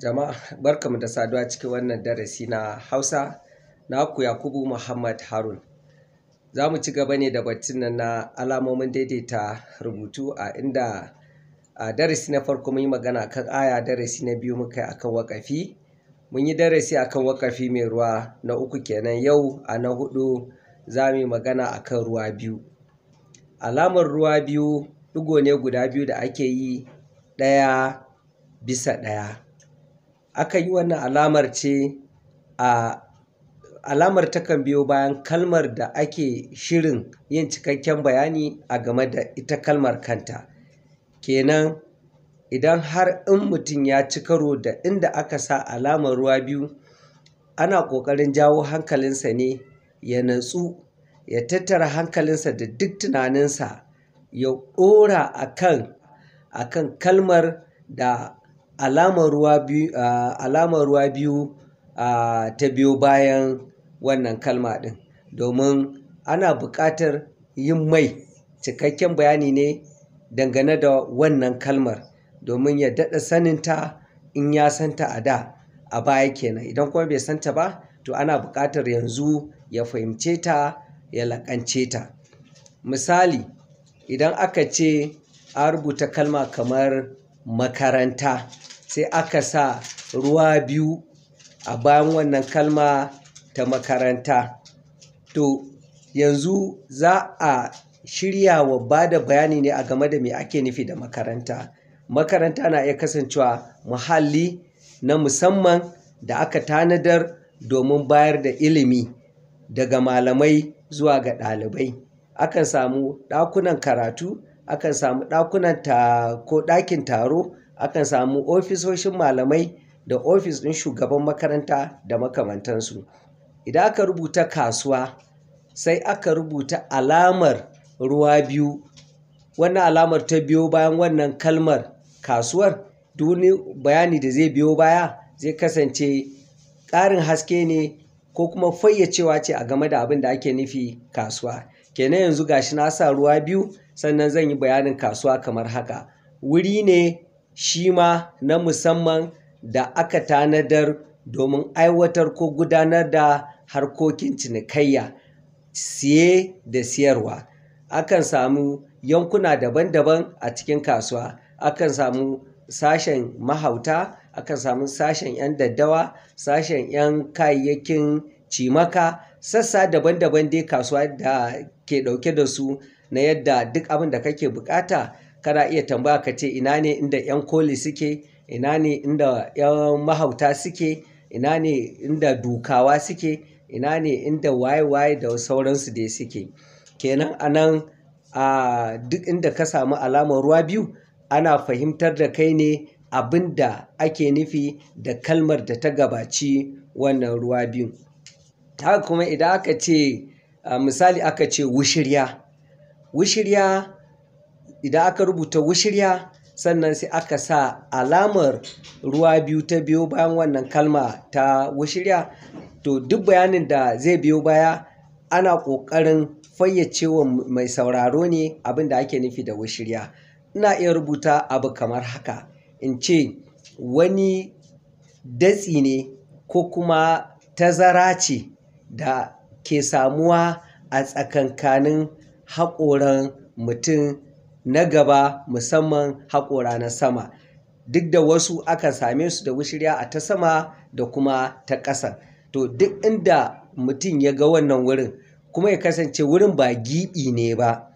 Jama'a barkamu da saduwa cikin wannan darasi na Hausa naku Yakubu Muhammad Harun. Za mu ci gaba ne da batun nan na alamomin daidaita rubutu a inda a darasi na farko mun yi magana kan aya darasi na biyu muka yi akan wakafi mun yi darasi akan wakafi mai ruwa na uku kenan yau a na hudu za mu yi magana akan ruwa biyu alamar ruwa biyu ɗigo ne guda biyu da ake yi ɗaya bisa ɗaya Aka yi wannan alamar ce a alamar takan biyo bayan kalmar da ake shirin yin cikakken bayani a game da ita kalmar kanta. Kenan idan har in mutum ya ci karo da inda aka sa alamar ruwa biyu, ana ƙoƙarin jawo hankalinsa ne ya natsu, ya tattara hankalinsa da duk tunaninsa, ya ɗora a kan kalmar da alamar ruwa biyu, alamar ruwa biyu ta biyo bayan wannan kalma ɗin. Domin ana buƙatar yin mai cikakken bayani ne dangane da wannan kalmar domin ya daɗa saninta in ya santa a da a baya kenan. Idan kuma bai santa ba to ana buƙatar yanzu ya fahimce ta, ya laƙance ta. Misali, idan aka ce a rubuta kalma kamar makaranta sai aka sa ruwa biyu a bayan wannan kalma ta makaranta to yanzu za a shirya wa ba da bayani ne a game da me ake nufi da makaranta makaranta na iya kasancewa muhalli na musamman da aka tanadar domin bayar da ilimi daga malamai zuwa ga ɗalibai akan samu ɗakunan karatu akan samu ɗakunan ta ko ɗakin taro akan samu ofisoshin malamai da ofis ɗin shugaban makaranta da makamantansu idan aka rubuta kasuwa sai aka rubuta alamar ruwa biyu wannan alamar ta biyo bayan wannan kalmar kasuwar duni bayani da zai biyo baya zai kasance ƙarin haske ne ko kuma fayyacewa ce a game da abin da ake nufi kasuwa kenan yanzu gashi na sa ruwa biyu sannan zan yi bayanin kasuwa kamar haka wuri ne shi ma na musamman da aka tanadar domin aiwatar ko gudanar da harkokin cinikayya, siye da siyarwa. Akan samu yankuna daban-daban a cikin kasuwa. Akan samu sashen mahauta, akan samu sashen 'yan daddawa, sashen 'yan kayayyakin cimaka, sassa daban-daban dai kasuwa da ke ɗauke da su na yadda duk abin da kake buƙata kana iya tambaya ka ce ina ne inda 'yan koli suke, ina ne inda 'yan mahauta suke, ina ne inda dukawa suke, ina ne inda waye waye da sauransu dai suke. Kenan a nan, duk inda ka samu alamar ruwa biyu ana fahimtar da kai ne abin da ake nufi da kalmar da ta gabaci wannan ruwa biyu. Haka kuma idan aka ce, misali aka ce wushirya. Wushirya idan aka rubuta wushirya sannan sai aka sa alamar ruwa biyu ta biyo bayan wannan kalma ta wushirya to duk bayanin da zai biyo baya ana ƙoƙarin fayyacewa mai sauraro ne abin da ake nufi da wushirya ina iya rubuta abu kamar haka in ce wani datsi ne ko kuma tazara ce da ke samuwa a tsakankanin haƙoran mutum na gaba musamman haƙora na sama duk da wasu akan same su da wushirya a ta sama da kuma ta ƙasa to duk inda mutum ya ga wannan wurin kuma ya kasance wurin ba giɓi ne ba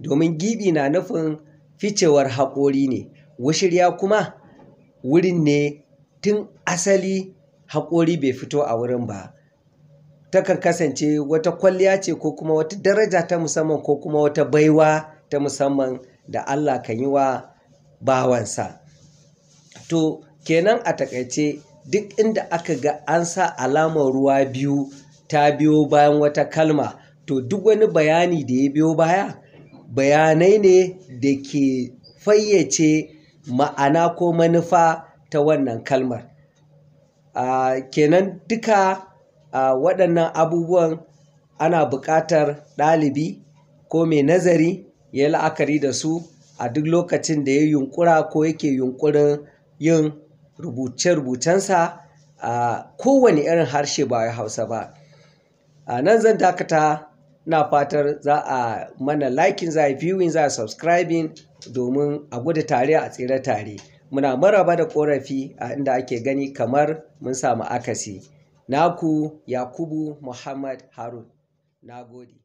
domin giɓi na nufin ficewar haƙori ne wushirya kuma wurin ne tun asali haƙori bai fito a wurin ba takan kasance wata kwalliya ce ko kuma wata daraja ta musamman ko kuma wata baiwa ta musamman da Allah kan yi wa bawansa to kenan a takaice duk inda aka ga an sa alamar ruwa biyu ta biyo bayan wata kalma to duk wani bayani da ya biyo baya bayanai ne da ke fayyace ma'ana ko manufa ta wannan kalmar uh, kenan duka uh, waɗannan abubuwan ana buƙatar ɗalibi ko mai nazari ya yi la'akari da su a duk lokacin da ya yunkura ko yake yunkurin yin rubuce-rubucensa a kowane irin harshe ba hausa ba a nan zan dakata na fatar za a mana likin za a viewing za a subscribing domin a gwada tare a tsira tare muna maraba da ƙorafi a inda ake gani kamar mun samu akasi naku yakubu muhammad harun na gode